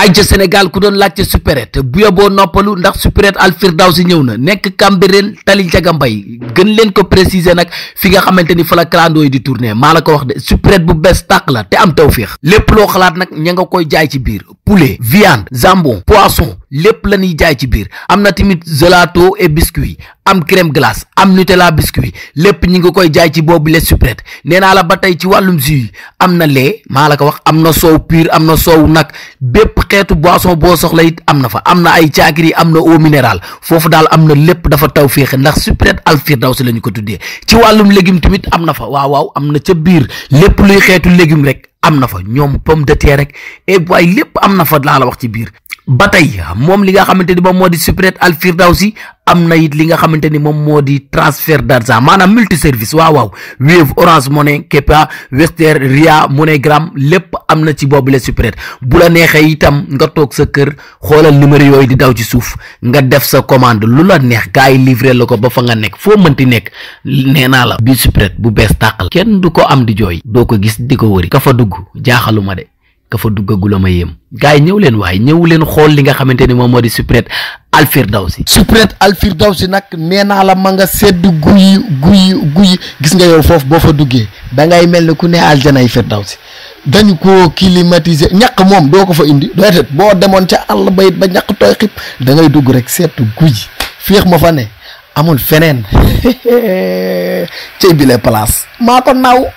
aj Sénégal ku doon laajte supérette bu yoboo noppalu ndax supérette si ñëw na nekk Cambérène tali Njaga Mbay gën leen ko préciser nag fi nga xamante ni fa la clando yi di tourner maa la ko wax de supérette bu bees tàq la te am tawféex lépp loo xalaat nag ñu nga koy jaay ci biir poulet viande jambon poisson lépp la ñuy jaay ci biir am na tamit gelato et biscuit am crème glace am nutella biscuit lépp ñu ngi koy jaay ci boobu les suprette nee naa la ba tey ci wàllum jus am na lait maa la ko wax am na soow pur am na soow nag bépp xeetu boison boo soxla it am na fa am na ay caakiri am na eau minérale foofu daal am na lépp dafa taw féexe ndax suprette al firdawsi la ñu ko duddee ci wàllum légume tamit am na fa waaw waaw am na ca biir lépp luy xeetu légume rek am na fa ñoom pomme de terre rek et lépp am na fa laa wax ci biir ba tey moom li nga xamante ni moom moo di supérette al firdawsi am na it li nga xamante ni moom moo di transfert d'argent maanaam multi service waaw waaw Wave Orange Money Kepa Western Ria gramme lépp am na ci boobu la supérette bu la neexee itam nga toog sa kër xoolal numéro yooyu di daw ci suuf nga def sa commande lu la neex kaay yi livré la ko ba fa nga nekk foo mënti nekk nee naa la bi supérette bu bees tàq la kenn du ko am di jooy doo ko gis di ko wëri ka fa dugg jaaxaluma de ka fa duggagul ama yem gaay ñew leen waay ñew leen xool li nga xamante ni moom di supret alfirdawsi supret alfirdawsi nak nee naa la ma nga sedd guyi guyi guyi gis nga yow foofu boo fa duggee da ngay mel ne ku ne aljanay firdawsi dañu ko climatiser ñàq moom doo ko fa indi doetet boo demoon ca àll bayit ba ñàq tooy xib da ngay dugg rek sedd ma fa ne amul cey place naw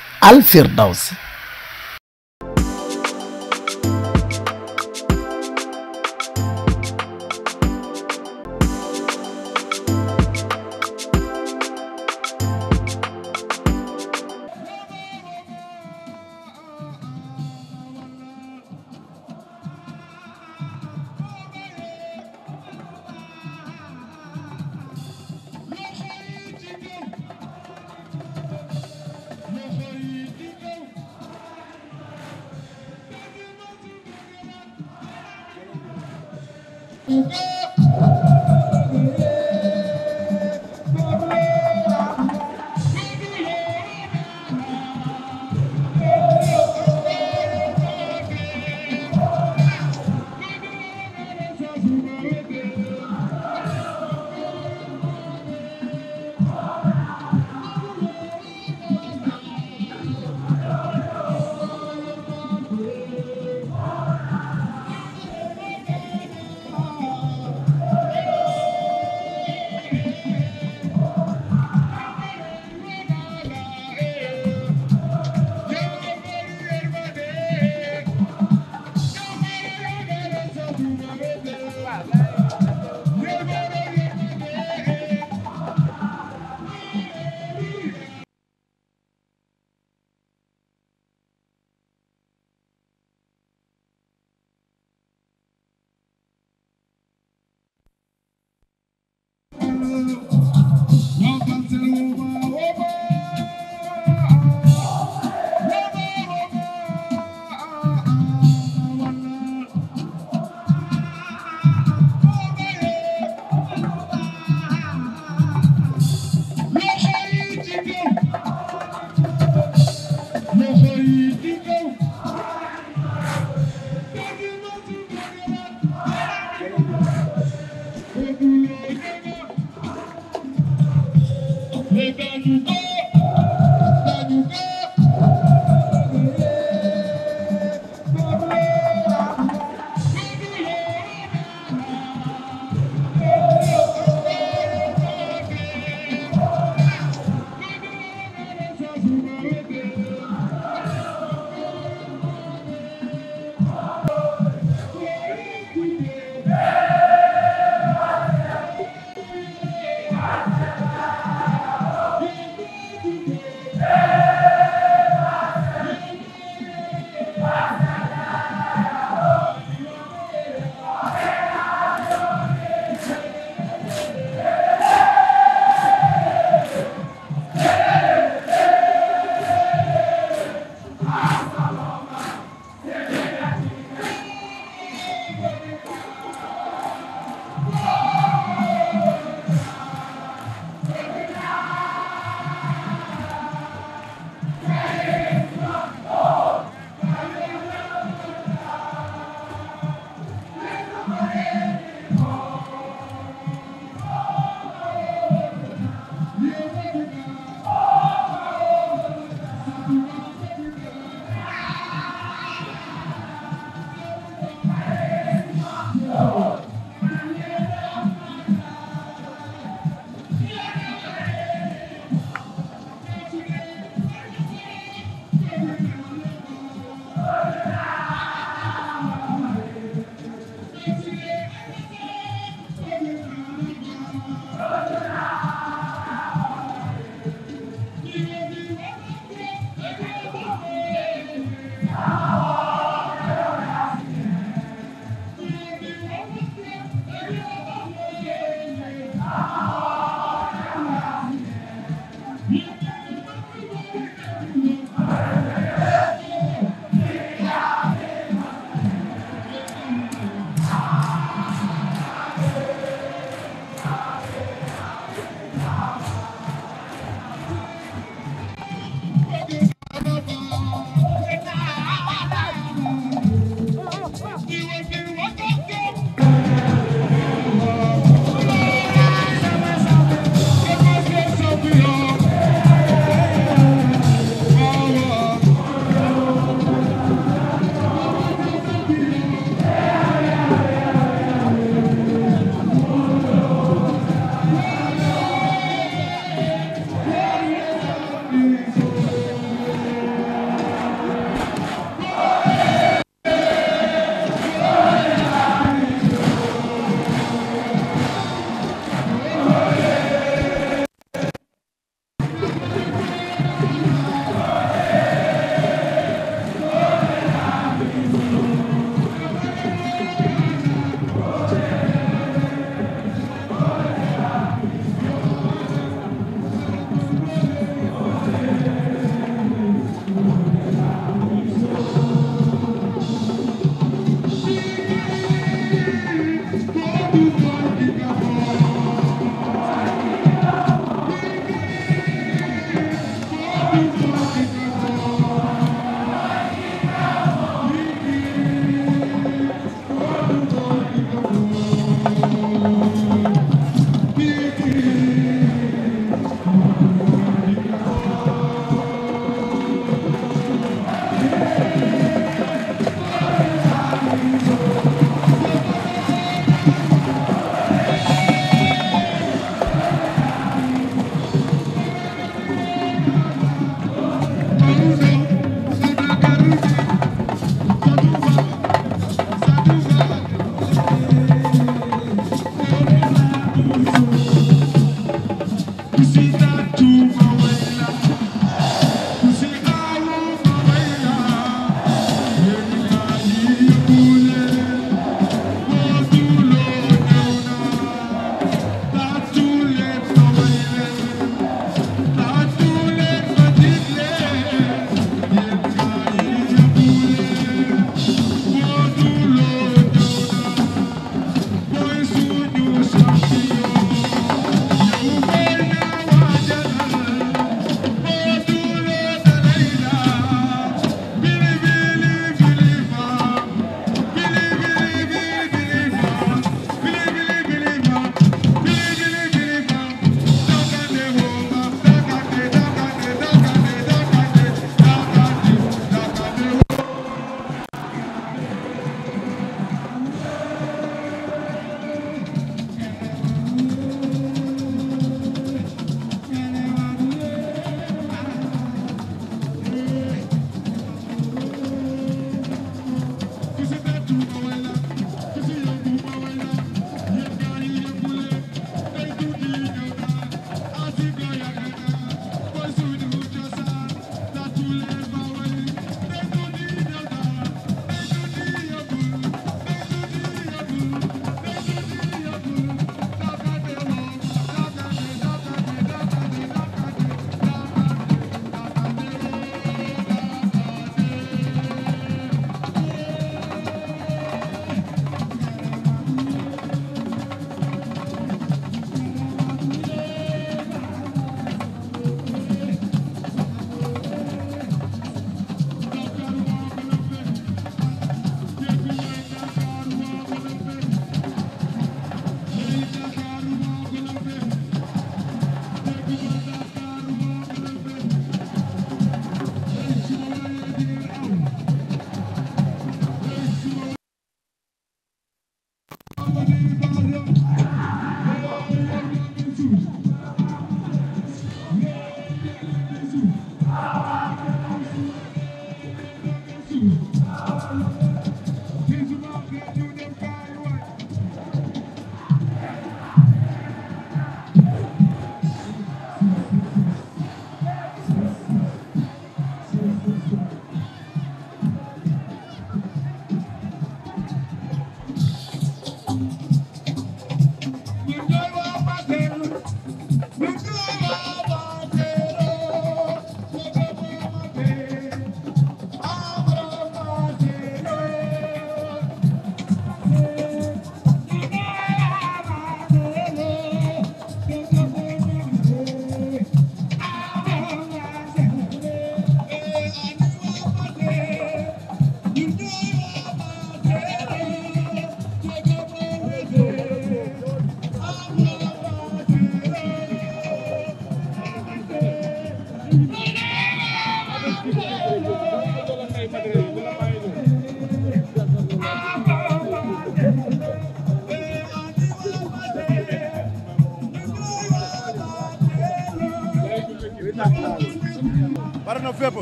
na fépp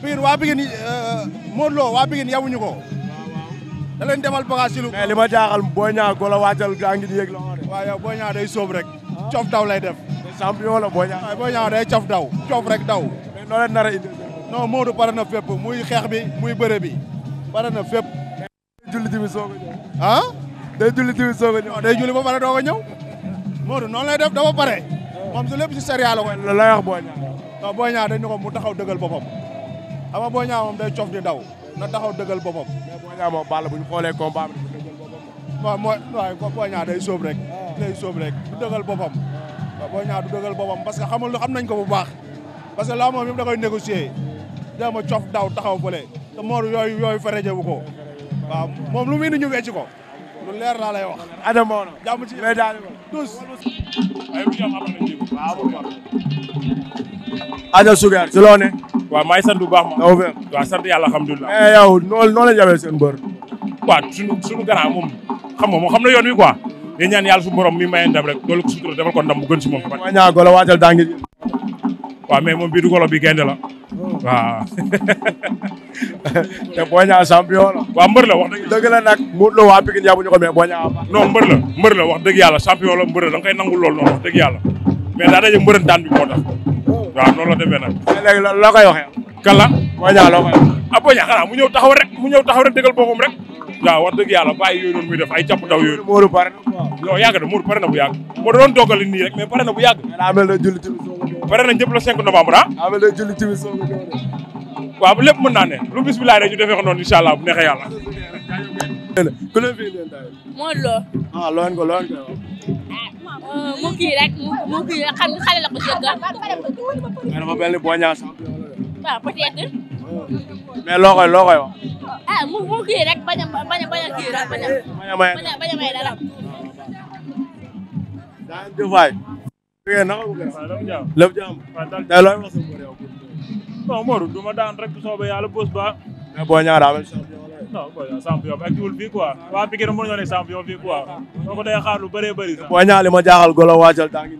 Pikine waa Pikine euh, Modou loo waa Pikine yawuñu ko da leen demal bagage ci lu mais li ma jaaxal Boy Niang gola waajal gaa ngi yéeg la waaw yow day sóob rek cof daw lay def champion la Boy Niang Boy day cof daw cof rek daw mais noo leen nar a pare na fépp muy xeex bi muy bëre bi pare na fépp julli timi sooga ñëw ah day julli timi sooga ñëw day julli ba pare dooga ñëw Modou noonu lay def dafa pare moom su lépp ci sariya la la lay wax non Boy Niang dañ ne mu taxaw dëggal boppam xam nga Boy Niang moom day cof daw na taxaw dëggal boppam. mais Boy Niang moom Balla bu ñu xoolee combat bi dina jël boppam. waaw mooy waaye Boy Niang day sóob rek. Ah. day sóob rek du dëggal boppam. Ah. waaw Boy Niang du boppam parce que xamul xam nañ ko bu baax parce que laa moom yëpp da koy négocier dama cof daw taxaw ko le Mor yooyu yooyu faraje bu ko waaw moom lu muy indi ñu wecc ko lu leer laa lay wax. Adama jàmm ci tous. aja Sugar ci loo ne. waaw maa ngi sant bu baax ma. dafa fekk waaw sant yàlla alhamdulilah. mais eh, yow ya, noo noo leen yabee seen mbër. waaw sunu sunu grand moom xam nga kwa, xam na yoon wi quoi. di ñaan yàlla su borom mi maye ndam rek doolu ko sutura defal ko ndam bu gën si moom. waaw ñaa golo waajal daa ngi. mais moom bii du golo bi gaynde la. Oh. wa te boo champion la. waaw la wax dëgg. la nag Modou Lo waa Pikine yàbu ñu ko mais non mbër la mbër la wax dëgg yàlla champion la mbër la da nga nangul lool noonu wax dëgg yàlla mais da daje mbërën daan bi moo tax waaw noonu la demee nag. léegi loo koy waxee. kala Boy Niang loo koy wax. ah Boy Niang xanaa mu ñëw taxaw rek mu ñëw taxaw rek dëggal boppam rek. waaw wax dëgg yàlla bàyyi muy def ay capp daw yooyu. Modou pare na pare na bu yàgg. moo doon doggali nii rek mais pare na bu yàgg. daa mel ne julli timis pare na ñëpp le 5 novembre ah. daa mel ne julli timis naa ne lu bis bi laaj rek ñu defee ko noonu incha allah bu neexee yàlla. fi leen daal. Modou Lo. Ah, loo mu kii rek mu kii rek xam xale la ko jëkkal. mais dafa mel ni boo ñaax sax. waaw ah, peut-être. mais loo koy loo koy wax. ah mu mu kii rek bañ a bañ a bañ a kii rek bañ a bañ a bañ a may dara. daa jëf waay. lépp jàmm. tey looy wax sa mbër yow. non Modou du ma daan rek soobee yàlla bës ba. mais boo ñaax daa mel non booy ñaa champion bi actiwul fii quoi waa Pikine mënuñoo ne champion fii quoi soo ko day xaar lu bëree bëri sax booy ñaa li ma jaaxal golo waajal daa ngi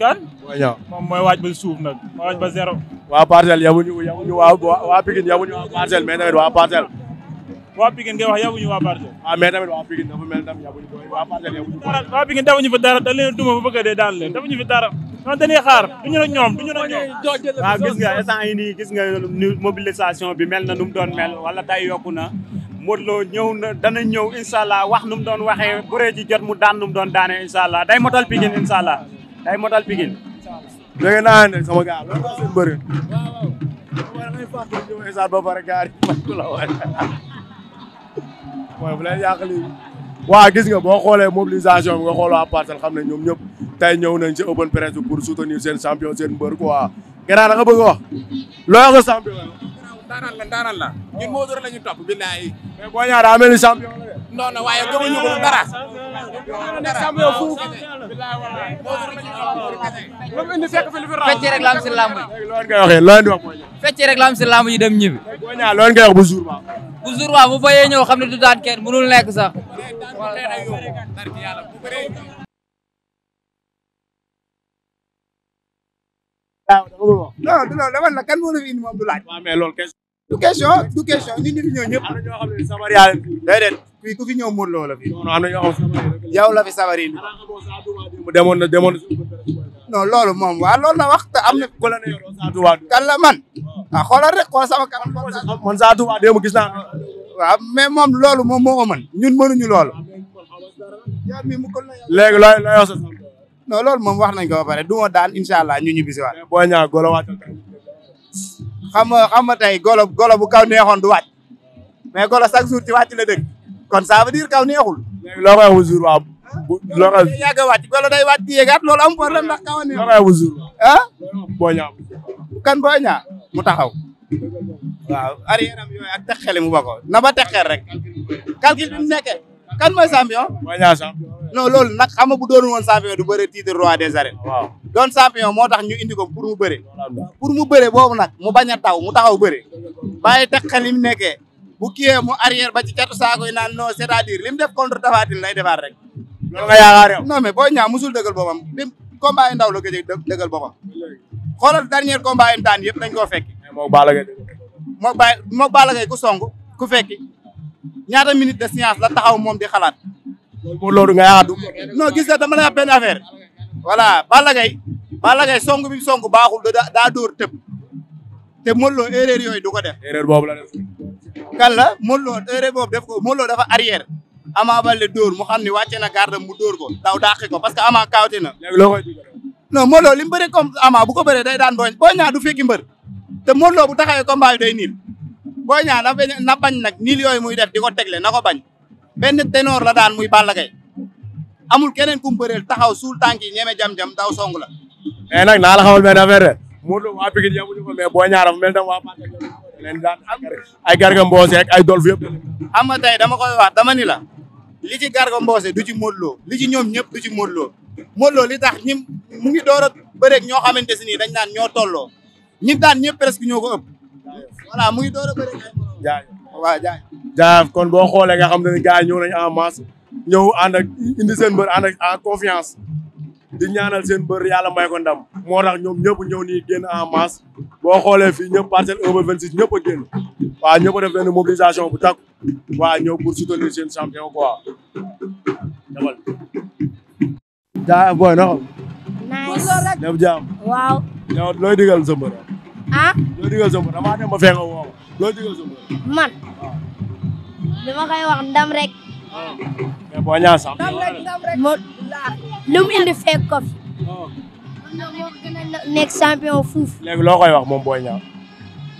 kan booy ñaa moom mooy waaj ba suuf nag mooy waaj ba zéro waa parcelle yamuñu yamuñu waa waa Pikine yamuñu waa parcelle mais nawet waa parcelle waa Pikine waaw ah, mais tamit waa Pikine dafa mel tam yabuñu waa Parcelles yabuñu. dara dañ leen duma ba bëgg a dee daan leen defuñu fi dara. non dañuy xaar duñu la ñoom ñoom. waaw gis nga instant yii gis nga mobilisation bi mel na nu mu doon mel wala tay yokku na. Modou Lo ñëw na dana ñëw incha wax nu mu doon waxee bëree ji jot mu daan nu doon daane incha allah day motal Pikine incha allah day motal Pikine. dégg naa ne sama gars mooy bu leen yàq lii waaw gis nga boo xoolee mobilisation bi nga xool waa Parcelles xam ne ñoom ñëpp tey ñëw nañ ci open press pour soutenir seen champion seen mbër quoi gannaaw da nga bëgg a wax loo wax champion daanaan la daanaan la ñun moo dor la ñu topp billahi mais boo ñaar daa mel ni champion la non non waaye gëmuñu ko dara champion fu billahi wallahi moo dor la ñu topp moom indi fekk fi lu fi raw fecc rek la am si lamb yi loolu ngay waxee loolu di wax fecc rek la am si lamb yi dem ñibbi boo ñaar loolu ngay wax bu jour ba bu jour waa bu fayee ñëw xam na du daan kenn mënul nekk sax. waaw dama la kan moo la fi indi moom du laaj. du question du question ñun ñu fi ñëw ñëpp am na ñoo xam sabar yaa leen déedéet ku fi ñëw mur loo la fi non am na ñoo xam sabar la fi sabar yi mu na demoon non loolu moom waa loolu la wax te am na la ne kan la man ah rek sama kanam man saa tuba démb gis naa ah, waaw mais moom loolu moom moo ko mën ñun mënuñu loolu yaa mi mu ko la ya. léegi looy non wax nañ ko ba pare daan allah ñu ñibbisi waat boo golo xam nga xam nga tey golo golo bu kaw neexoon du wàcc mais golo chaque jour ci wàcc la dëkk kon ça veut dire kaw neexul. loo koy wax jour waaw. loo koy yàgg a wàcc golo day wàcc di yéegaat loolu am problème ndax kaw a neexul. loo jour ah. booñaa kan booñaa mu taxaw. waaw arrière am yooyu ak teg xel mu bokk na ba teg rek. calcul bi mu nekkee. kan mooy champion. booñaa champion. non loolu nag xam nga bu doonul woon champion du bëre titre roi des arènes. doon champion moo tax ñu indi ko pour mu bëre pour mu bëre boobu nag mu bañ a taw mu taxaw bëre bàyyi teg xel li mu nekkee bu kiiyee mu arrière ba ci catu saako yi naan non c'est-à-dire li mu def contre Tapha lay defaat rek. loolu nga yaakaar yow. non mais boo ñaaw musul dëggal boppam bi combat yi ndaw la gëj a dëggal boppam xoolal dernier combat yi daan yëpp dañ koo fekki. moog Balla Gaye moog Ba moog Balla Gaye ku song ku fekki ñaata minute de séance la taxaw moom di xalaat. loolu nga yaakaar du. non gis nga dama lay wax benn voilà Balla Gaye Balla Gaye song bi song baaxul da daa dóor tëb te Modou Lo erreur yooyu du ko def. erreur boobu la def. kan la Modou Lo erreur boobu def ko Modou Lo dafa arrière. Ama Baldé door mu xam ni wàcce na gardam mu dóor ko daw dàqi ko parce que Ama kaawte na. léegi loo koy non Modou Lo li mu bëri comme Ama bu ko bëree day daan booy booy ñaa du fekki mbër te Modou Lo bu taxawee combat bi day niil booy ñaa na bañ nag niil yooyu muy def di ko tegle na ko bañ benn ténor la daan muy Balla Gaye amul keneen ku mu taxaw suul tànk yi ñeme jam-jam daw song la. mais nag naa la xamal benn affaire de Modou Lo waa Pikine yamuñu ko mais Boy Niang dafa mel tam waa Parcelles leen Garga Mbossé ay Dolf yëpp. xam nga tey dama koy waat dama ni la li ci Garga Mbossé du ci Modou Lo ñoom ñëpp du ci Modou Lo li tax ñi mu ngi door a ñoo xamante si nii dañ naan ñoo tolloo ñi daan ñëpp presque ñoo ko ëpp voilà mu ngi door a bëreeg. jaajëf waaw kon boo xoolee nga xam ne gars ñëw nañu en masse. ñëw ànd ak indi seen mbër ànd ak en confiance di ñaanal seen mbër yàlla may ko ndam moo tax ñoom ñëpp ñëw nii génn en masse boo xoole fii ñëpp parcelle 1 ba 26 ñëpp a génn waaw ñëpp a def benn mobilisation bu takku waaw ñëw pour soutenir seen champion quoi demal. jaa booy na xam. nice ñëpp jaam. waaw. yow looy digal sa mbër. ah. looy digal sa mbër damaa dem ba fekk man. li ma wax ndam rek. mais boo ñaan sax. moo lu mu indi fekk ko fi. Oh. wax moom boo ñaan.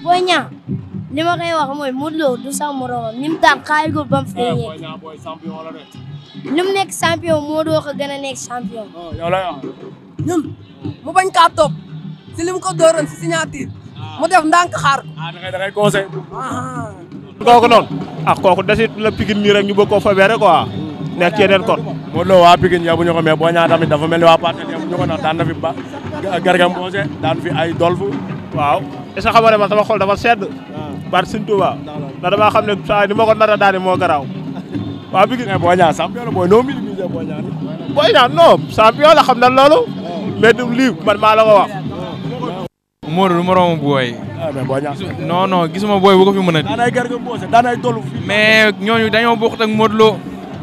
boo ñaan wax mooy mu daan xaay ko ba mu feeñee. mu nekk champion moo doo ko gën a nekk champion. Oh, yow la mu bañ kaa topp ko dooroon si signature ah. mu def ndànk xaar kooku noonu ak kooku desit la Pikine nii rek ñu bëgg koo fa weere quoi nekk yeneen kon Modou Lo waa Pikine yabu ñu ko mais boo ñaa tamit dafa mel ni waa parcelle yabu ñu ko ndax daan na fi ba garga mboose daan fi ay dolfu waaw est ce que xamoo sama xol dafa sedd bar sin Tuubaa ndax damaa xam ne saa ni ma ko nar a daani moo garaaw waa Pikine mais boo ñaa champion la booy noo minimise boo ñaa boo ñaa non champion la xam na loolu mais du man maa la ko wax Modou du moromu booy. Ah, non non gisuma booy bu ko fi mën a. daanay garga boose ma tollu fi. mais ñooñu dañoo Lo.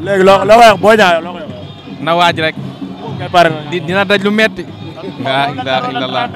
léegi loo loo koy wax boo ñaaree loo koy wax. na waaj rek. dina daj lu metti. la ilaha illallah.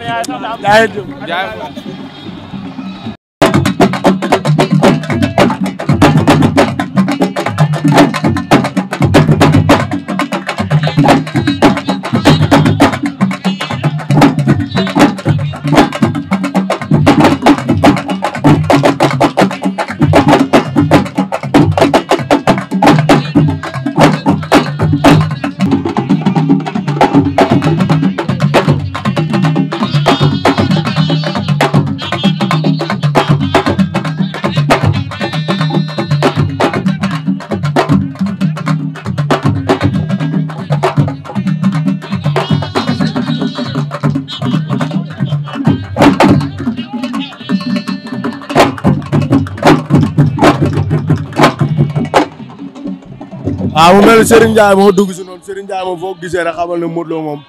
waaw mu mel ni Serigne moo dugg si noonu Serigne moom foo ko gisee rek xamal ne Modou moom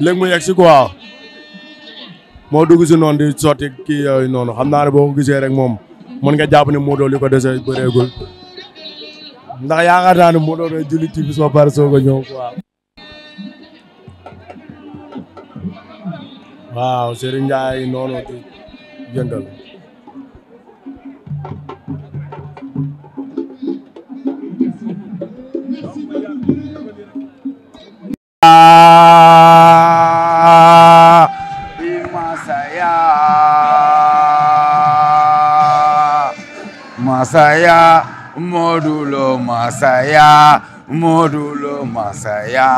léegi mu yegg si quoi moo dugg si noonu di sotti kii noonu xam naa ne boo ko gisee rek moom mën nga jàpp ne Modou Lo li ko dese bëreegul ndax yaakaar naa ne Modou Lo julli ci bis ba pare soo ko ñëw quoi. waaw Serigne Ndiaye noonu di yëngal. saya masaya modulo masaya modulo masaya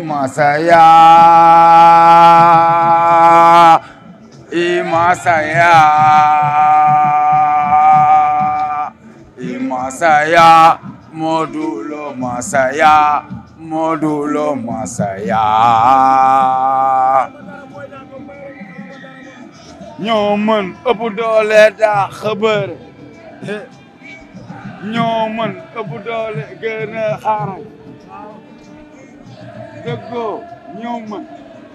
masaya masaya masaya Modou Lo masaya Modou Lo masaya ñoo mën ëpp doole daa a xaaral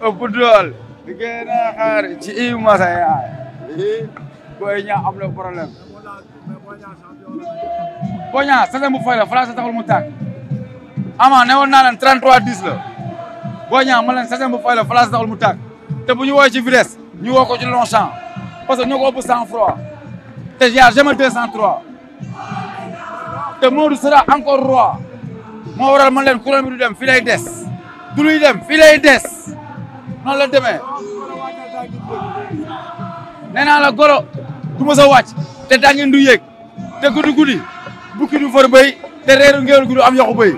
dëggoo masaya Boña sase bu fay la fala sa taxul mu tàkk ama ne woon naa leen 33 10 la Boña ma leen sase bu fay la fala sa taxul mu tàkk te bu ñu woowee ci vitesse ñu woo ko ci long champ parce que ñoo ko ëpp cent froid te y a jamais 203 te Modou sera encore roi moo waral man leen couronne bi du dem fii lay des du luy dem fii lay des noonu la demee nee naa la golo du ma sa wàcc te daa ngeen du yéeg te guddi guddi bukki du for te reeru ngéwél gi am yaxu béy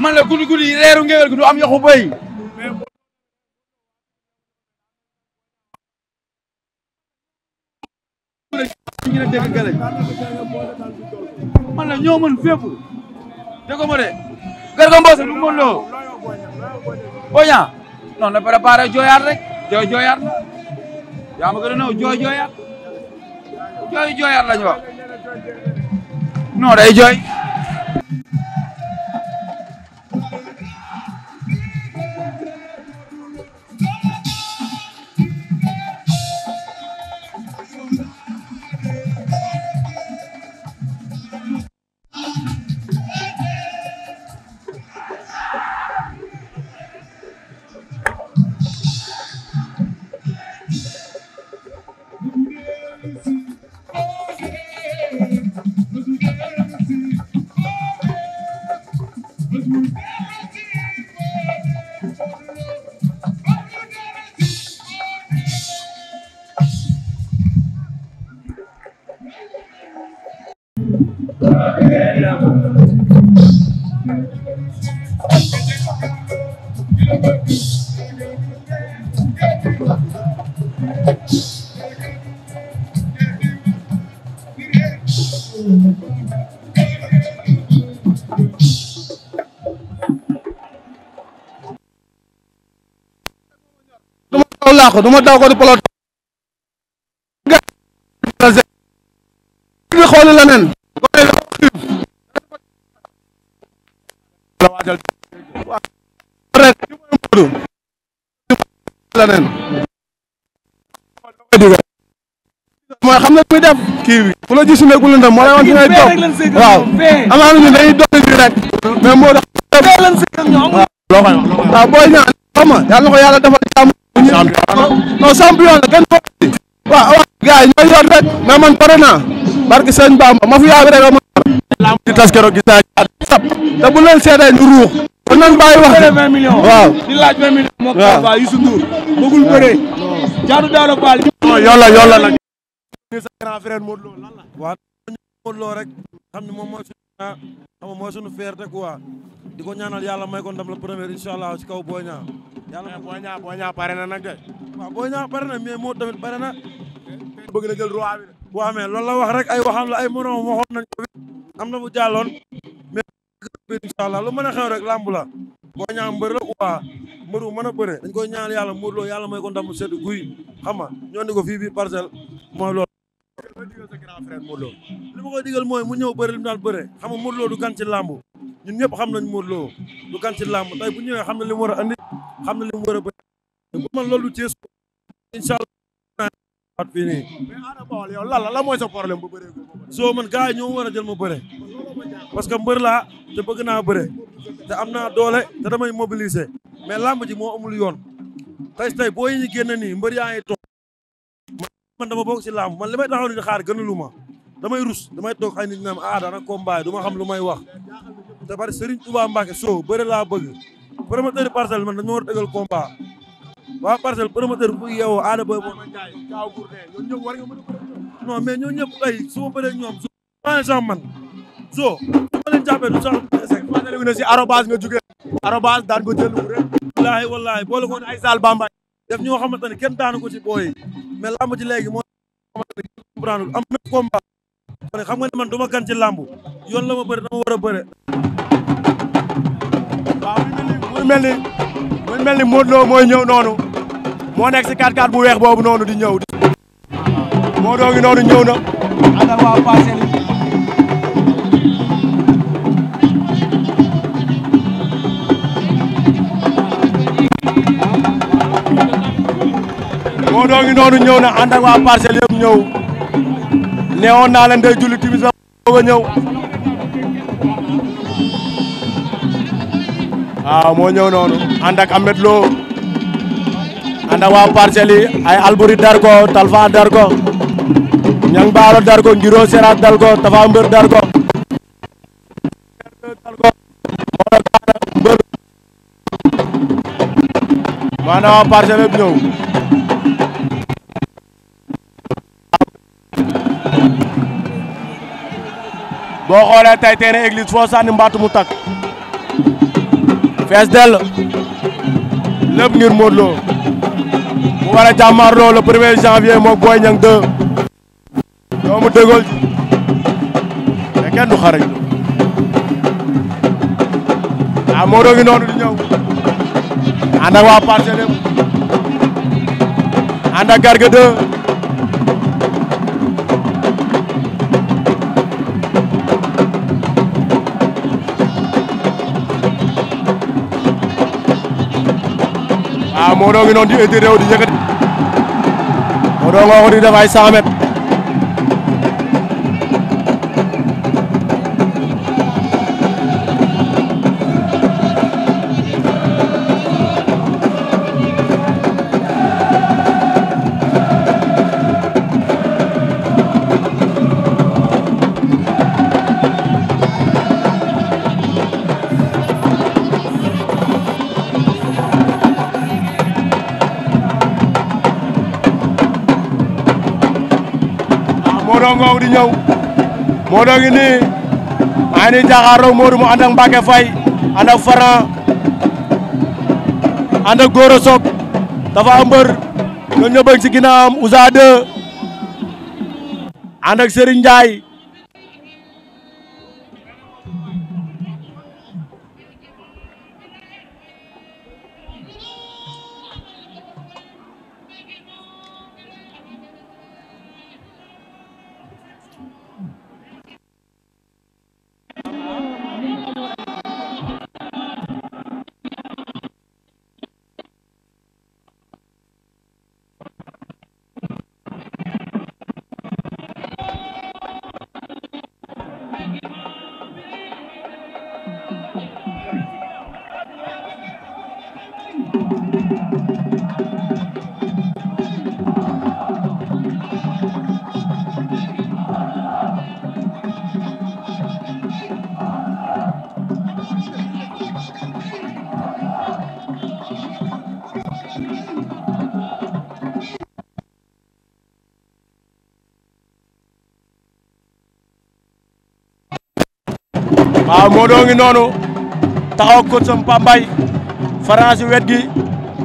man la guddi reeru ngéwél gi du am yaxu béy man la ñoo mën fépp dégg de Garga Mbossé du loo boña non na préparé jooyaat rek jooy jooyaat la yaa ma jooy jooyaat jooy jooyaat lañu wax non day yàqu du ma daw ko di polo di xooli la nen mooy xam na muy def kii bi fu la gisu nekkul ndam moo lay wan fi ngay toog waaw amaana ñu dañuy doon ñu rek mais moo tax waaw booy ñaan xam nga yàlla na ko yàlla defal non champion la kenn foofu waaw waaw gars yi ñooy yoon rek mais man pare naa barke sëñ Bamba ma fi yaa bi rek ma lamb di tas keroog gis naa ci sap te bu leen seetee laaj 20 millions moo ko ba la yoon la nag sa grand frère Modou Lo lan la waaw Modou Lo rek xam ne moom xam mo sunu suñu fierté quoi diko ñaanal yalla may ko ndam la premier inshallah ci kaw boña yalla yàlla boña Niang Boy Niang pare na nag de. waaw Boy Niang na mais mo tamit pare na. bëgg na jël roi bi de. waaw mais loolu la wax rek ay waxam la ay moroom waxoon nañ ko amna na bu jàlloon mais inshallah lu mëna xew rek lamb la. boña mbeur la quoi mbëru mëna bëre dañ ko ñaanal yalla Modou Lo yàlla may ko ndam sedd guuy xama ñoo ni fi bi parcel mo lool ma digal sa grand frère Modou Lo li ma koy digal mooy mu ñëw bëri li mu bëre xam nga Modou Lo du kan ci làmb ñun ñëpp xam nañ Modou du kan ci làmb bu ñëwee xam na li mu war xam na li mu war a bëri bu man loolu du cees incha allah at fii nii la lan mooy sa problème bu soo man gars yi war a jël ma bëre parce que mbër laa te bëgg naa bëre te am naa doole te damay mobiliser mais lamb ji moo amul yoon tey tey boo yi ñu génn nii mbër yaa man dama bokk si làmb man li may taxaw ni di xaar gënalu ma damay rus damay toog ay nit ñi a ah dana combat du ma xam lu may wax te bari Serigne Touba Mbacke soo bëri laa bëgg promoteur parcelle man dañu war a dëggal combat waa parcelle promoteur bu yeewoo aada booy boo na jaay kaaw gourne ñoom ñëpp war nga mën a non mais ñoo ñëpp ay su ma du sax échec si arobase nga jógee arobase daan ko jël boole ko ay saal bambay def ñoo xamante ne kenn daanu ko ci booy mais lamb ci léegi moo xamante ne comprendre am na combat parce que xam nga ne man du ma gan ci lamb yoon la ma bëri dama war a bëre waaw mel ni muy mel ni Modou Lo mooy ñëw noonu moo nekk ci 4-4 bu weex boobu noonu di ñëw Modou Lo ngi noonu ñëw na ànd waa Parcelles moo doo ngi noonu ñëw na waa parcelle yëpp ñëw neewoon naa leen day julli timis ba bëgg a moo ñëw noonu ànd ak Amet Lo waa parcelle yi ay Alboury dar ko Talfa dar ko Ñang Baalo dar ko Ngiro Seraat dar ko Tafa Mbër dar ko waa parcelle yëpp ñëw boo xoolee tey terrain église foo sànni mbaatu mu takk fees dell lépp ngir Modou Lo mu war a jàmmarloo le premier janvier moom Boy Niang 2 doomu dëggal te kenn du xarañ ah Modou ngi noonu di ñëw ànd waa Parcelles yëpp ànd ak Garga 2 Modou ngi noonu di intérieur di yëkkati Modou nga ko di def ay ñëw Modou maa ngi jàkkaarloo Modou mu ànd ak Mbacke Faye ànd ak Franc ànd ak Gora Sock dafa am mbër ñoom ci ginnaawam Ousa waaw ah, Modou ngi noonu taxaw ko sam Pambay Franc si wet gi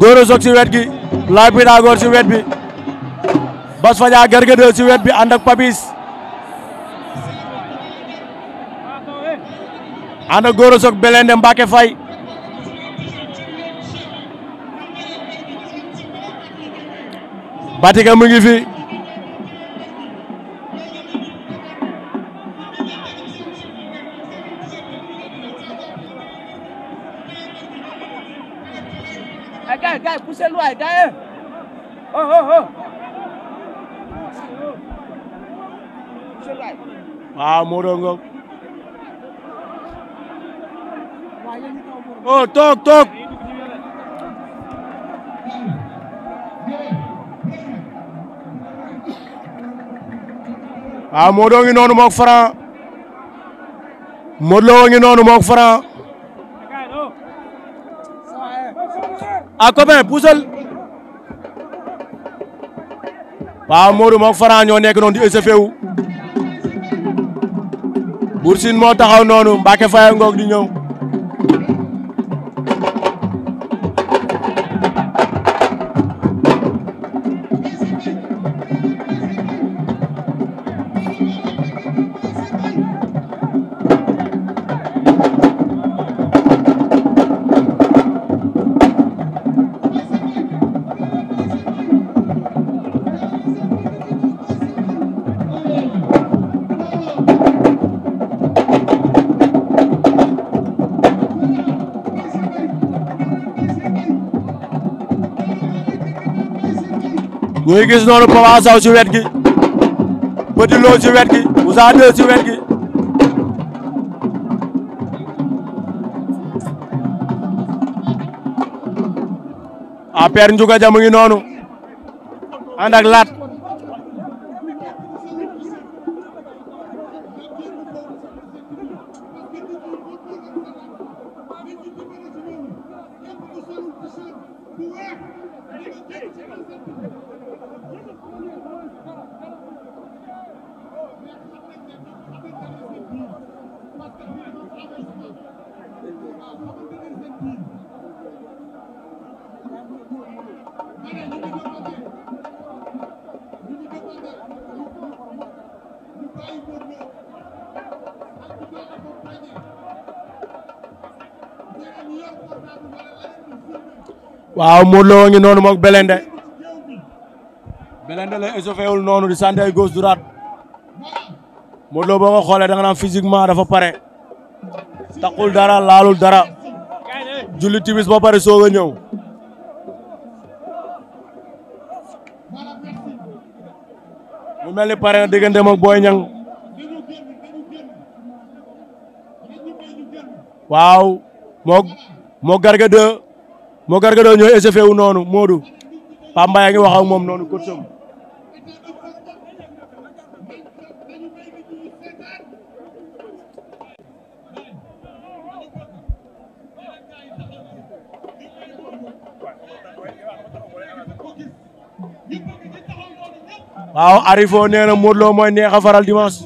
Goro Sock si wet gi Laye si wet bi Bas Fadia Gargade si wet bi ànd ak Papis ànd ak Belende Mbacke Faye Batika mu ngi fi đây đây ô toog toog waaw Modou noonu moog Franc Modou noonu moog Franc a ah, copain waaw Modou moog Franc ñoo nekk noonu di échauffé wu moo taxaw noonu Mbacke Faye ngoog di ñëw ñu gis noonu Papa Sow wet gi Petit Lo ci wet gi Moussa Deux wet gi a ah, Père Ndiouga Dia mu noonu ànd ak laat waaw Modou Lo ngi noonu moog Belende Belende la échauffé wul noonu di sant ay gauche droite Modou Lo boo xoolee da nga naan physiquement dafa pare taqul dara laalul dara julli tibis ba pare soog a ñëw mu mel ni pare na diggante moog Boy Niang waaw moog moog Garga 2 moo Garga doo ñëw échauffé wu noonu Modou Pape Mbaye a moom noonu coach waaw Arifo nee na Modou Lo mooy neex a faral dimanche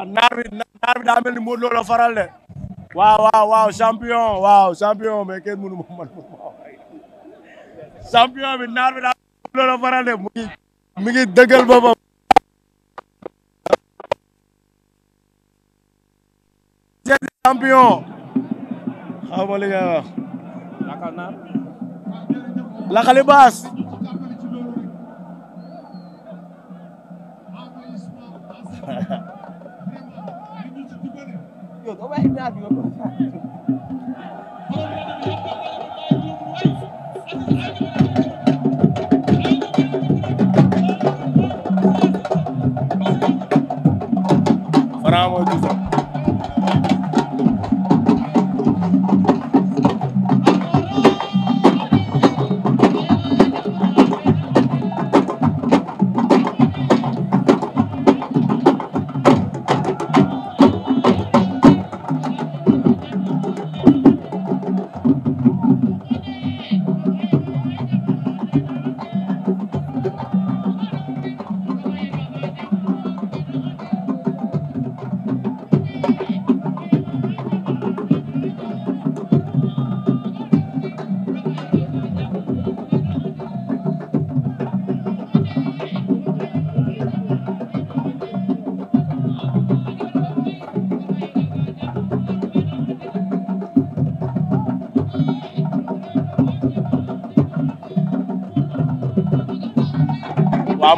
waaw ah, naar bi naar bi daa mel ni la faral de. waaw waaw waaw champion waaw champion mais kenn mënu ma man champion bi naar bi daa mel ni la faral de mu ngi mi ngi dëggal boppam. champion. xaw ma li nga baas. Yo, don't wait now, Franc mooy Tyson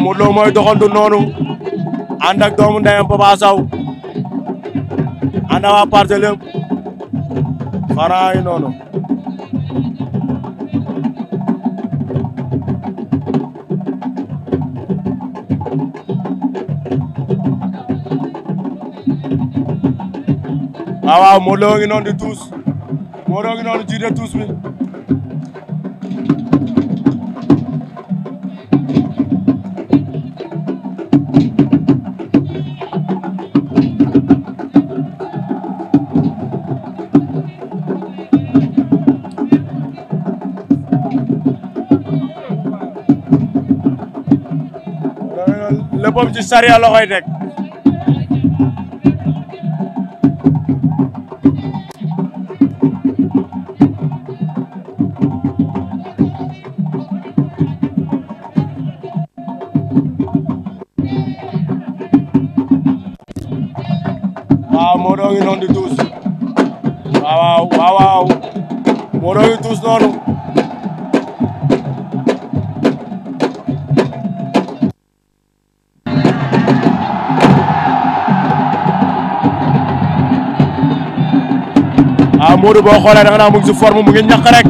Modou Lo noonu ànd doomu ndeyam Papa Sow waa Parcelles lépp Franc noonu ah waaw waaw noonu di tuus Modou Lo ngi noonu tuus bi justice sariya la koy teg waaw Modou ngi noonu di tuus waaw waaw waaw Modou ngi tuus noonu مودو بو خولا دا نا موغي سو فورم موغي نياخ ريك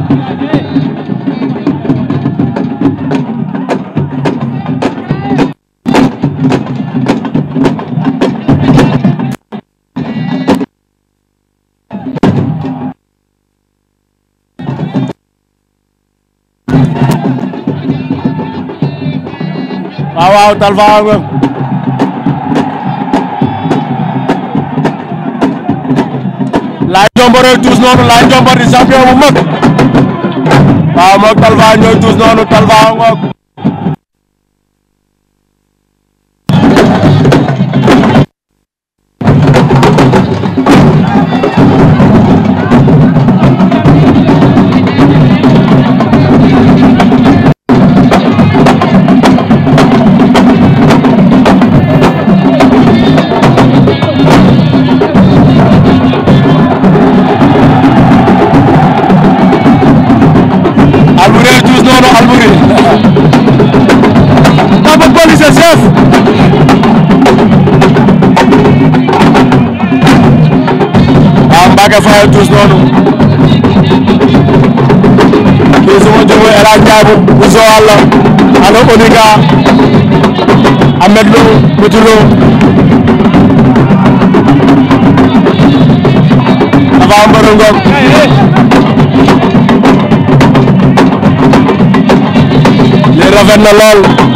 واو واو njomboree tuus noonu laay njombor di champion bu mag waaw moog Talfa ñooy tuus noonu Talfa ngoog Mbacke Faye tuus noonu kii su ma jógee El bu bu Joal la ana Oniga Ahmed Lo Petit Lo dafa am bëri ngoog lii rafet na lool.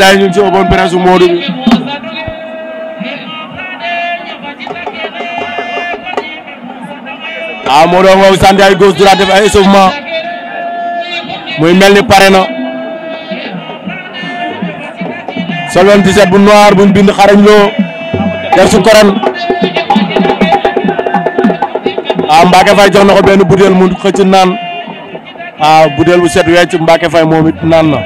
tay ñu ngi ci open presse Modou bi ah Modou Ngom sànni ay gauche droite def ay échauffement muy mel ni pare na soloon tiset bu noir buñ bind xarañ loo def su koran ah Mbacke jox na ko benn butéel mu xëcc naan ah butéel bu set wecc Mbacke Faye moom it naan na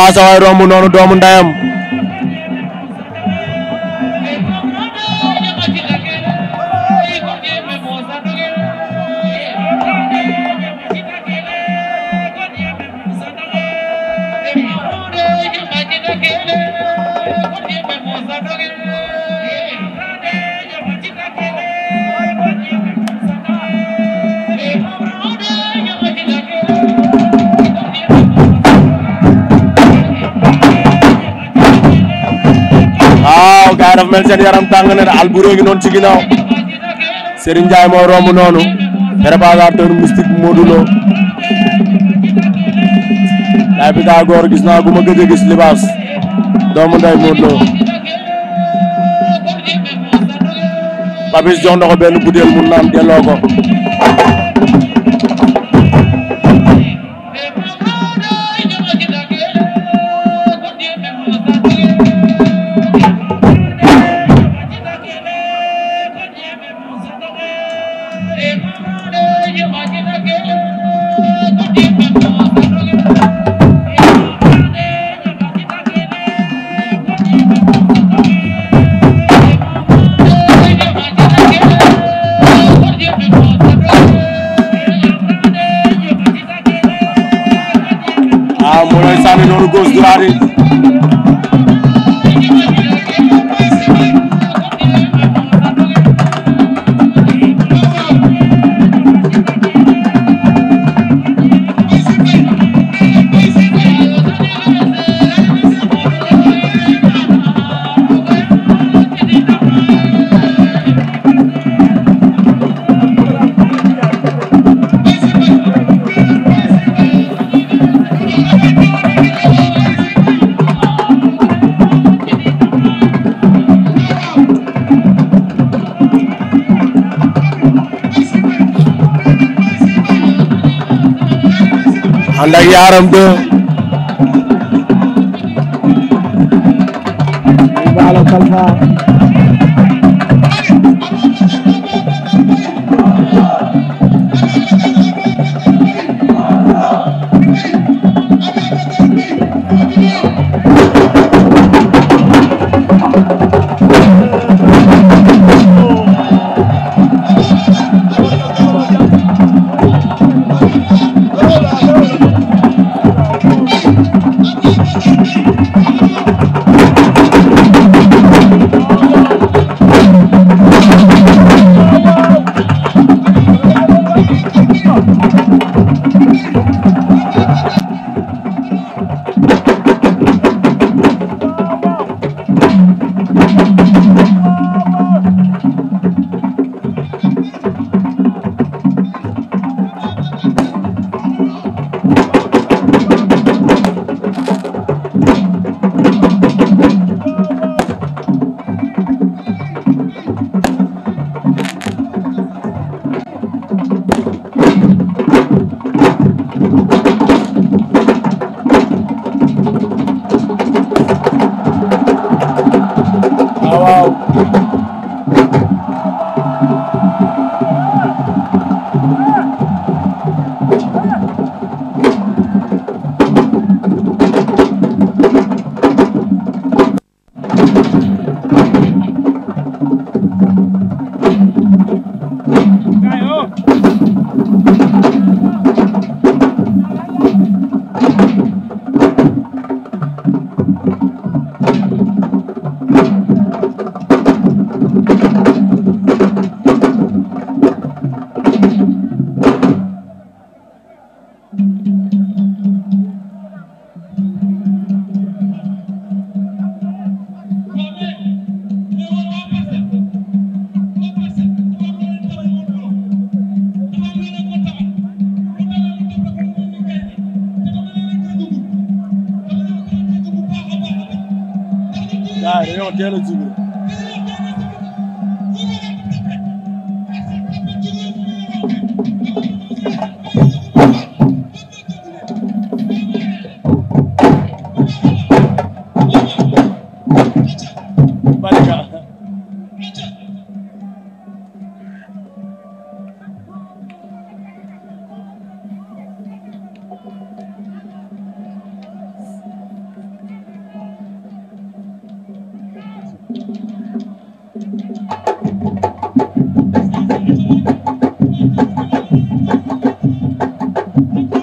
Papa Sow ay romb doomu ndayam gars yi dafa mel seen ne al bu ci ginnaaw Serigne Ndiaye moo romb noonu préparateur mystique Modou Lo laay bi daa gis naa gu ma gëj a gis libaas doomu nday Modou Lo Papis jox na ko benn butéel naan delloo ko ànd ak yaaram de bala kalfa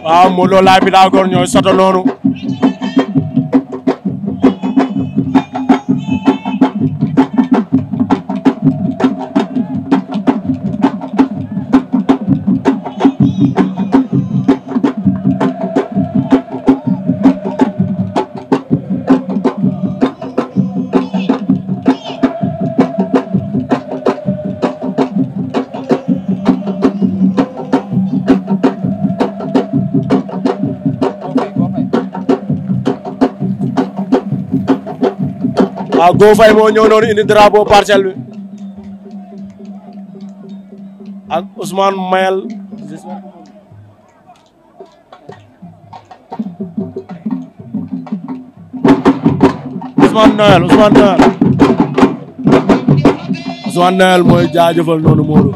waaw ah, Modou Lo laay bi daa góor Go Faye moo ñëw noonu indi drapeau parcelle bi ak Ousmane Mayel Ousmane Noël Ousmane Noël Ousmane Noël mooy jaajëfal noonu Modou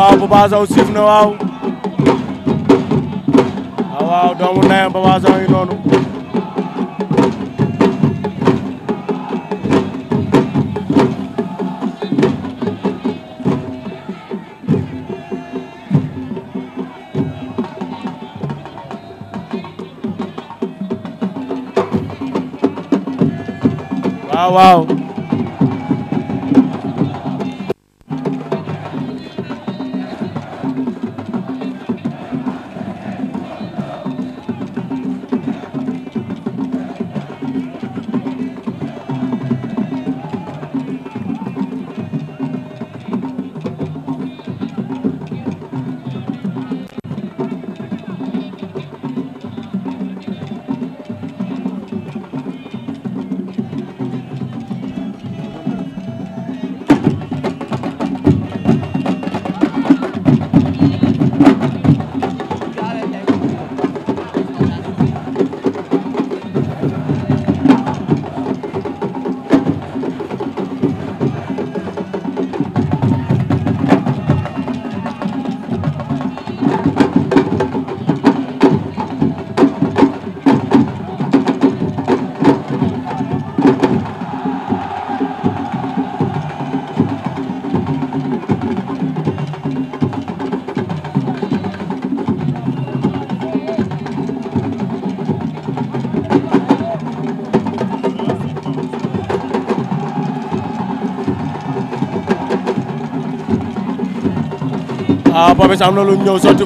waaw Papa Sow siif na waaw ah, waaw doomu ndeyam Papa Sow yi noonu waaw Papis am na lu ñëw sotti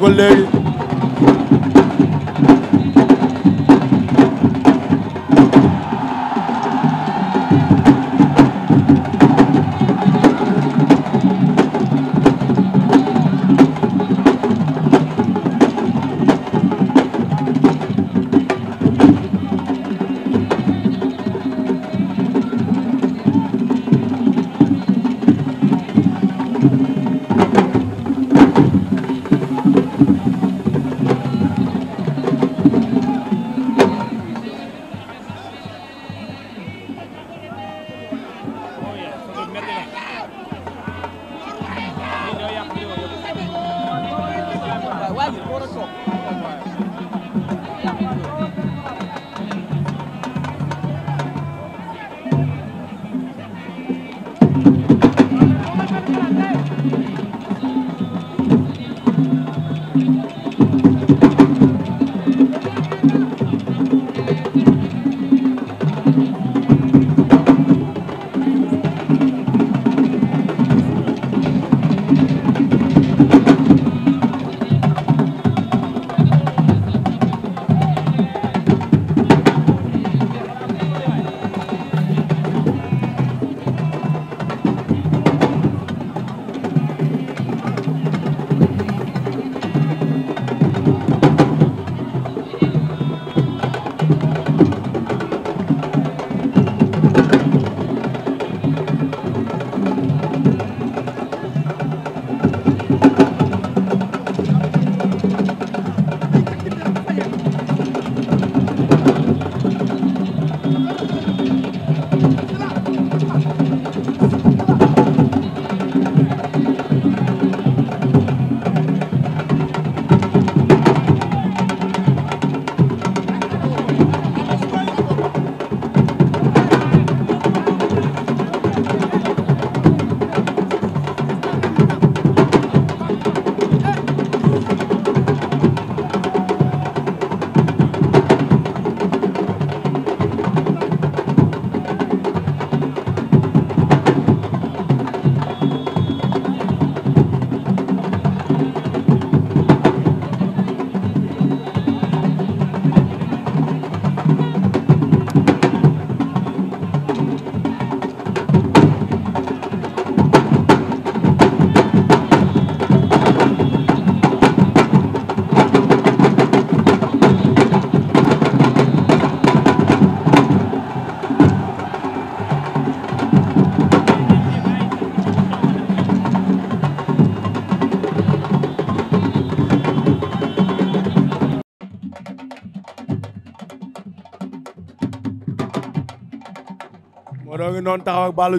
noonu taxaw ak Balla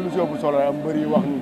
loolu si ëpp a am bëri wax ni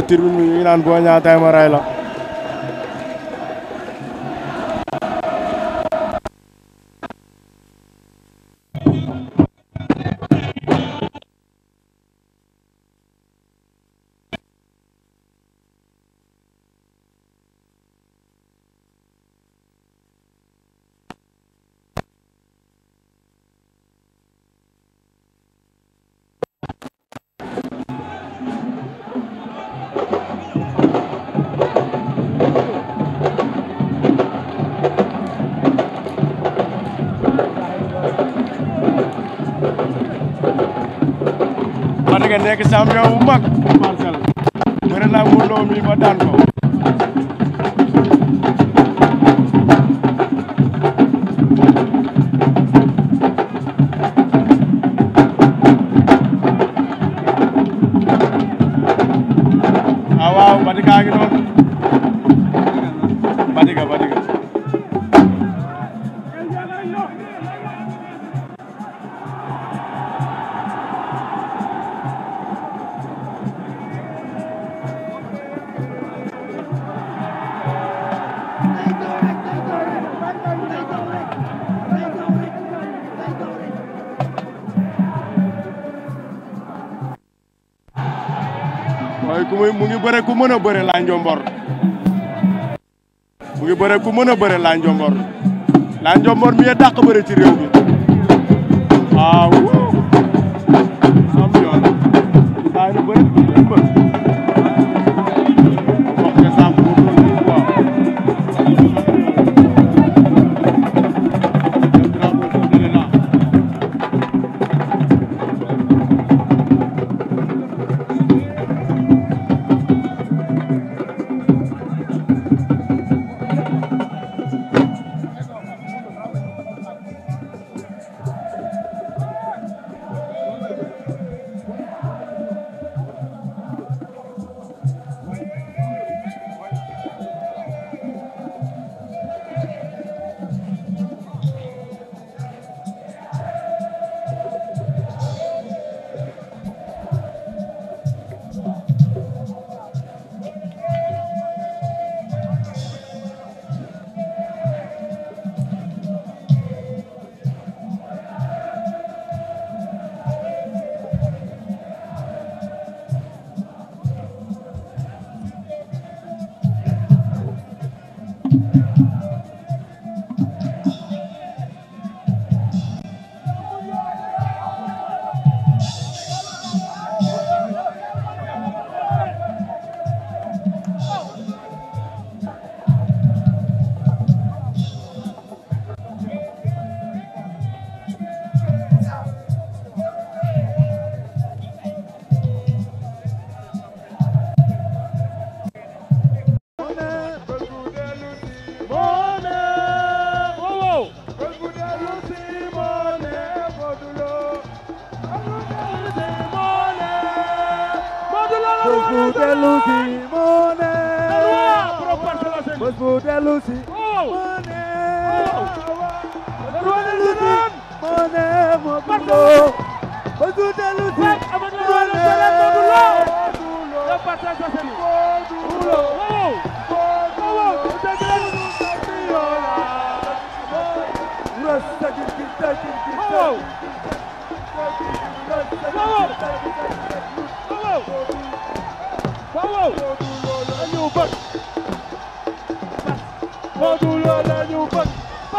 ginnaaw tribune bi ñu naan Boy Niang tey ma la Balla Gaye nekk champion bu mag parcelle bëri mi ba daan ko mën a bëre Laye Ndiombar mu bëre ku mën a bëre Laye Ndiombar Laye Ndiombar mi dàq bëre ci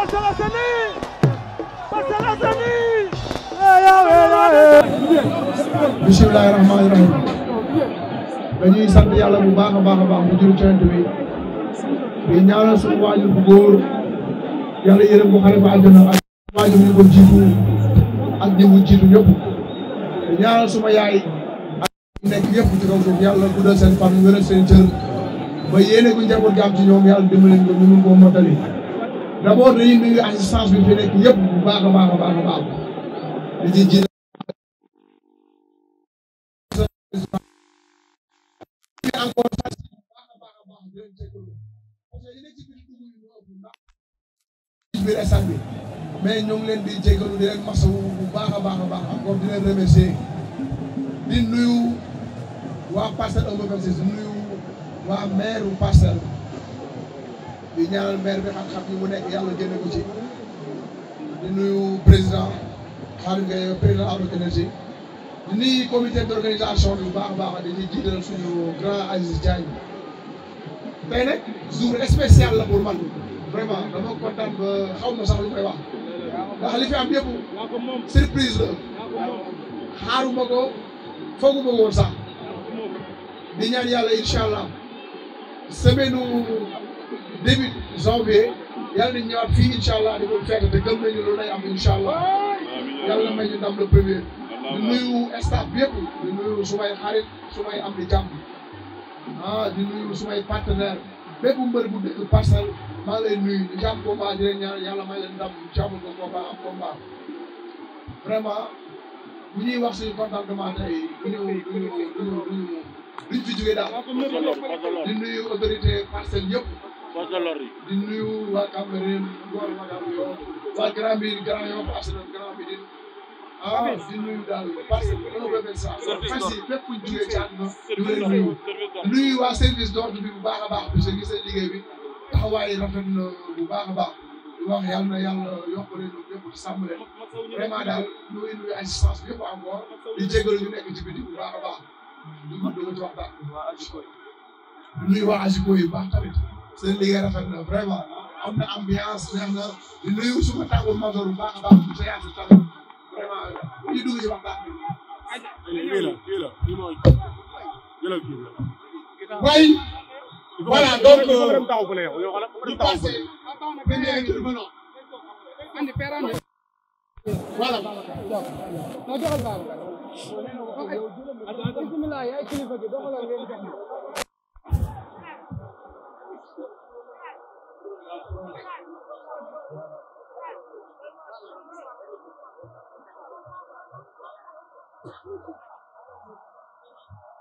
Marcel Assani Marcel Assani bismillaahi rahmaani rahiim dañuy yàlla bu baax a baax a baax bu jur cant bi di ñaanal suñu waajur bu góor yàlla yërëm bu xare ba àjjana ak waajur ñu ko jiitu ak ñi mu jiitu ñëpp di ñaanal suma yaay ak nekk yëpp ci kaw suuf yàlla guddal seen fan wéral seen cër ba yéene ku njaboot gi am ci ñoom yàlla dimbali ko mun koo mottali d' abord dañuy nuyu assistance bi fi nekk yëpp bu baax a baax a baax a baax di ci ji encore sant bu baax a baax a baax di leen jégalu parce que yéen a ci biir dugub yi ñoo ëpp ndax ci biir instant bi mais ñu ngi leen di jégalu di leen masawu bu baax a baax a baax encore di leen remercier di nuyu waa parcelle 1 ba 26 di nuyu waa maire parcelle. di ñaanal maire bi xam-xam yi mu nekk yàlla génne ko ci di nuyu président Xaadim Gaye président Afrique Énergie di nuyu comité d' organisation bi bu baax a baax dañuy jiital suñu grand Aziz Diagne tey nag jour spécial la pour man vraiment dama kontaan xaw ma sax lu koy wax ndax li fi am yëpp surprise xaaruma ko fooguma woon sax di ñaan yàlla incha semaine. début janvier yàlla nañ ñëwaat fii incha allah di ko fekk te gëm nañu loolu lay am incha allah yàlla may ñu ndam le premier di nuyu staff bi yëpp di nuyu sumay xarit sumay am di jàmm ah, di nuyu sumay partenaire bépp mbër bu dëkk parcelle maa ngi lay nuyu di jàmm combat di leen ñaan yàlla may leen ndam jàmm ko combat vraiment bu ñuy wax suñu contentement tey bu ñu bu ñu bu ñu bu ñu di nuyu autorité parcelle yëpp di nuyu waa Cambérène waa Grand Yoff waa Grand Médine Grand Yoff HLM Grand Médine ah di nuyu daal parce que on le répète ça fas yi bépp jugee ci àdduna ñu lay nuyu nuyu waa service d'ordre bi bu baax a baax parce que gis nañ liggéey bi taxawaay rafet na bu baax a baax di wax yàlla na yàlla yokk leen ñëpp sàmm leen vraiment daal ñu ngi nuyu assistance bi yëpp encore di jégalu ñu nekk ci biti bu baax a baax di ko dugg ci waxtaan nuyu waa ASICO yi baax tamit. seen liggéey rafet na vraiment am na ambiance neex na di nuyu suma tàggu Mansour bu baax a baax bu théâtre tamit vraiment bu ñu dugg ci wax baax oui voilà donc euh, ñu passé premier intervenant voilà moo joxal baax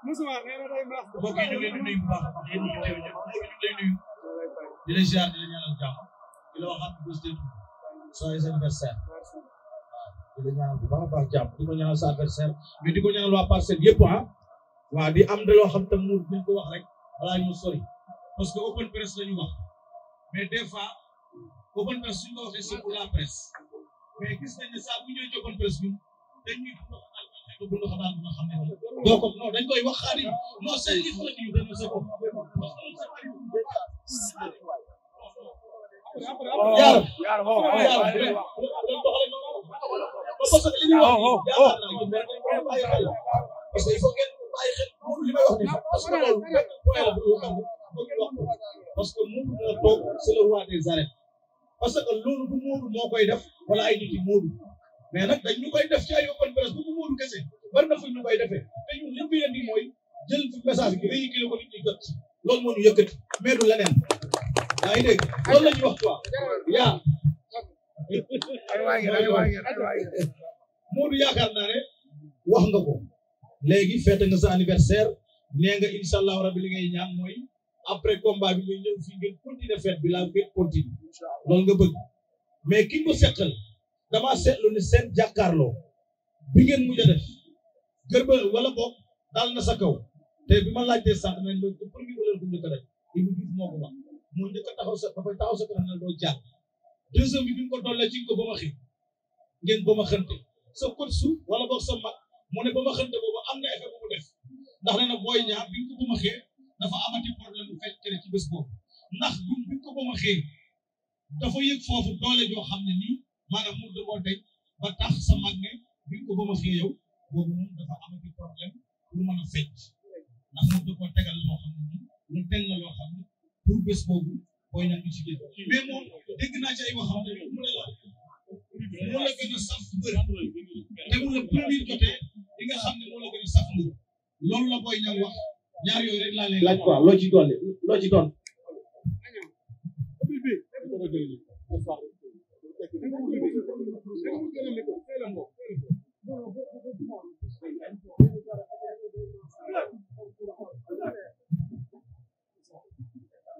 musuma ngay nee na day baax. mbokk ñu leen di nuyu bu baax Di ñu nuyu. di la ziar di la ñaanal jàmm di la waxaat bés de joyeux anniversaire di la ñaanal bu baax a baax jàmm di ko ñaanal sa verser mais di ko ñaanal waa parcelle yépp ah waaw di am de loo xam tam mu ñu ko wax rek balaa ñu sori parce que open press la ñu wax. mais des fois open presse suñ ko waxee c'est pour la presse mais gis nañ ne saa bu ñëw ci open presse bi dañ ñuy bund xataal bu nga xam ne doo ko non dañ koy wax xarit non seen li fa la ñuy dénoncé ko yaar yaar ho parce que li ñuy wax parce que il faut ngeen bàyyi xel li may wax ni parce que loolu bëgg wax parce que Modou dina toog c'est le roi des parce que loolu bu Modou moo koy def wala ay yi Modou mais nag dañ ñu koy def ci ay open presse bu ko Modou bari na fu ñu koy defee te ñun lépp yéen di mooy jël fi message bi véhiculé ko nit ñi moo ñu yëkkati mais du leneen yaa ngi dégg loolu wax quoi yaa Modou yaakaar naa ne wax nga ko léegi fête nga sa anniversaire nee nga incha allah rabi li ngay après combat bi ñuy ñëw fii ngeen continuer fête bi laa ngeen continue loolu nga bëgg mais ki ko seqal dama seetlu ne seen jàkkaarloo bi ngeen mujj a def gërba wala boog daal na sa kaw te bi ma laajtee sànq nañ ma ko premier valeur bu njëkk rek Ibou Diouf moo ko wax moo njëkk a taxaw sa taxaw sa kanam ne doo jàll bi bi nga ji dollee ci ko ba ma xëy ngeen ba ma xënte sa kot su wala boog sa mag ne ba ma xënte am na effet bu mu def ndax nee na booy ñaar bi nga ko ba dafa amati problème mu fekk ci bés boobu ndax ñun bi ko ba ma xëy dafa yëg foofu doole joo xam ne nii maanaam mu da koo daj ba tax sa mag ne bi ko ba ma xëy yow boobu moom dafa amati problème pour mën a fecc ndax mu da koo tegal loo xam ne nii mu ne la a saf mbër te nga xam ne moo la gën a wax. ñaar yooyu rek laa lay laaj quoi loo ci doon loo ci doon.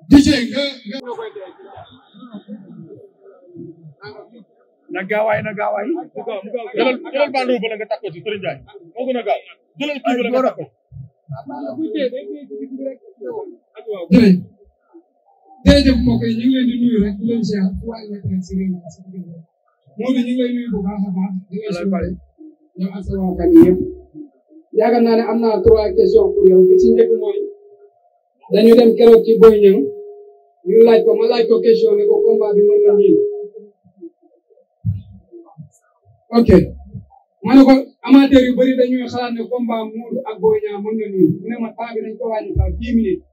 Dijé nga nga. na gaawaay na gaawaay. jëlal jëlal bàndu ba la nga takk ko ci Serigne Ndiaye moo gën a gaaw jëlal kii ba la nga takk ko jërëjëf jërëjëf mbokk yi ñu ngi leen di nuyu rek di leen ziar waaye nag rek si réew mi si réew mi Modou ñu ngi lay nuyu bu baax a baax di lay suñu ñoom ak sama gan yëpp yaakaar naa ne am naa trois questions pour yow bi ci njëkk mooy dañu dem keroog ci Boy Niang ñu laaj ko ma laaj ko question ne ko combat bi mën na nii ok ma ne ko amateur yu bëri dañuy xalaat ne combat Modou ak Boy Niang ne ma temps bi dañ ko wàññi sax dix minutes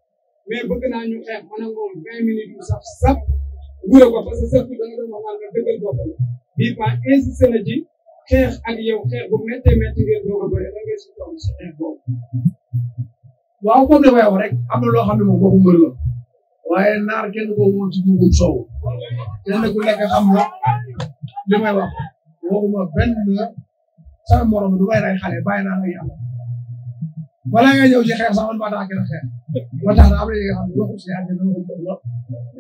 mais bëgg ñu xeex ma ne moom vingt minutes yu sax sax wure ko parce que sax nga doon waxal nga dëggal boppam bii pas insisté na ci xeex ak yow xeex bu méttee métti ngeen rek am na loo xam ne moom boppam mbër waaye naar kenn koo woon ci dugub soow xam na li may wax waxuma benn. sama morom du may a na am na yi na waxu ko lool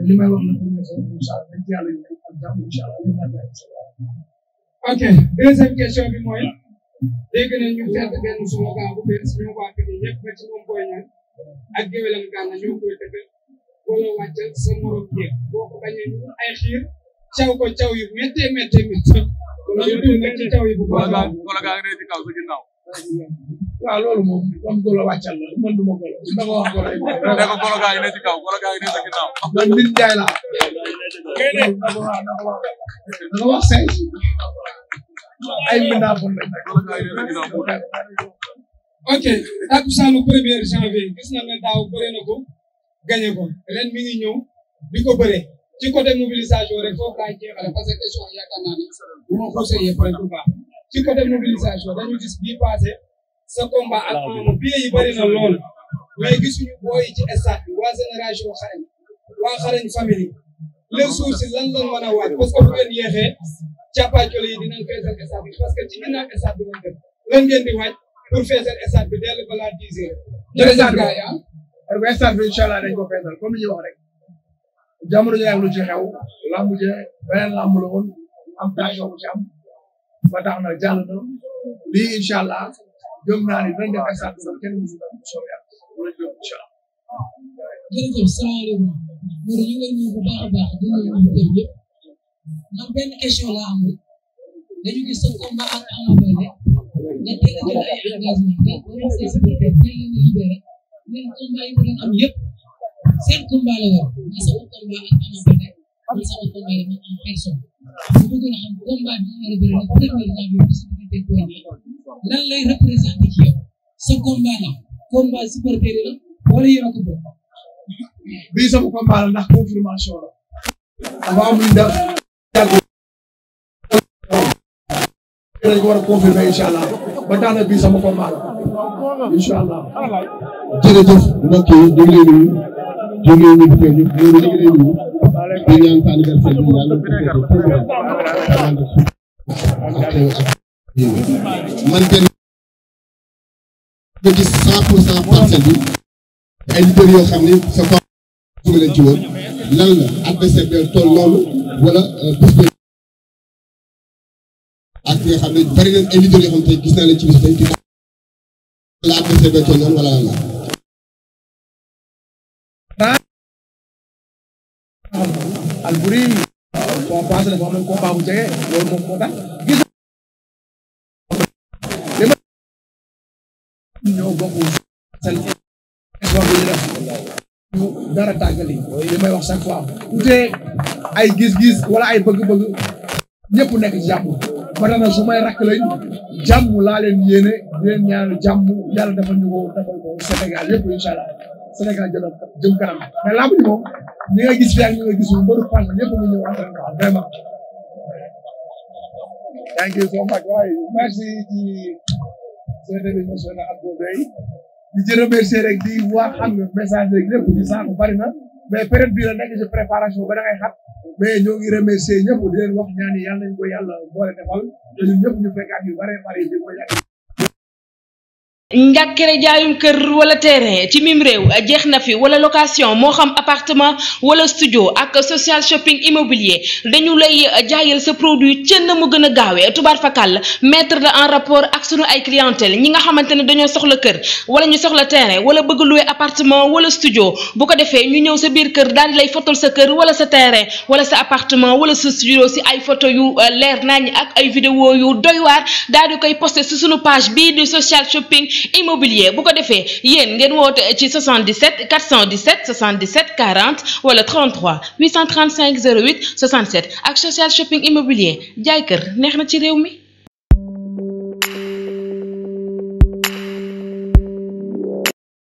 li may wax na pour ñu xam incha allah dañ ci yàlla ñu ak jàmm ok deuxième question bi mooy dégg nañ ñu fekk benn slogan bu bees ñoo ko àgg ñëpp ba ci moom booy ñaan ak géwélam gànna ñoo koy dëggal wala wàccal sa ci taw yi bu baax a loolu moom golo wàccal la man du golo da nga wax golo yi. ne ko golo gaa ngi ne ci kaw golo gaa ngi ne sa ginnaaw. man nit jaay la. da nga wax say. ay mbindaafoon ok takkusaanu premier janvier gis na ne daaw bëre na ko gagné ko ren mi ngi ñëw ci côté mobilisation rek foofu laay jeexale parce que question yaakaar naa ne bu ma conseillé peut être baax ci côté mobilisation dañu gis bii passé sa combat ak moom billet yi bëri na bi waa génération xarañ waa xarañ famille les sources lan lan mën a waaj parce que bu ngeen yéexee càppaacolo yi dinañ feesal stade parce que ci ginnaaw stade ah. ko feesal ñu wax rek. jamono ji nag lu ci xew lamb je am tension bu ci na jàll na lii incha allah jëm naa ne vingt deux sax kenn musu la mu soobee ak loolu jëm incha allah. jërëjëf salaamaaleykum Mourou ñu ngi lay nuyu bu baax a baax di nuyu am tey yëpp man benn question laa am seen combat la woon mais sama combat ak Ama Baldé man sama combat la man en personne bu bëggoon a xam combat bi nga war a bëri le premier temps bi nga ko defee lan lay représenté ci yow sa combat la combat supporter la wala yow ko bokk. bii sama combat la ndax confirmation la. dafa am lu def jàggoo. dañ ko war a confirmer incha allah ba tax na bii sama combat la incha allah. jërëjëf mbokk yi ñu ngi leen jógee ñu gisee ñu ñu ngi leen di ñu ñaan sa anniversaire bi yàlla ko man kenn nga gis cent pour cent parcelle bi ay leaders yoo xam ni sa ko jóge leen ci woon lan la adversaire bi toll loolu wala euh, bés bi ak nga xam ne bari na ay leaders yoo xam tey gis naa leen ci bis tey la adversaire bi toll loolu wala lan la Albouri bon passé dafa amoon combat bu jege loolu moom moo tax gis dara tàggali li may wax chaque fois utee ay gis-gis wala ay bëgg-bëgg ñëpp nekk ci jàmm ba na su may rakk lañ jàmm laa leen yéene ñaan jàmm yàlla defal ñu ko yëpp Sénégal jëm jëm kanam mais làmb ji moom ñi nga gis fii ak ñi nga gisul mbëru fan so much waaye merci ci seen émission la ak boobu yi rek di wax xam message rek lépp ñu saako bari na mais période bii la nekk ci préparation ba da ngay xat mais ñoo ngi remercier ñëpp di leen wax ñaan yi yàlla nañu ko yàlla boole defal ñu fekkaat yu bare bare di Nous jaayum kër wala terrain ci mim location mo xam appartement wala studio ak social shopping immobilier dañu lay produit rapport ak suñu ay clientèle ñi nga soxla kër terrain appartement studio bu ko défé ñu ñëw sa biir kër lay sa kër wala sa terrain wala appartement studio ci ay photo yu euh, ak ay vidéo yu doy di koy page social shopping immobilier beaucoup de faits, Yen, ngeen 77 417 77 40 wala 33 835 08 67 Action social shopping immobilier jaay n'est-ce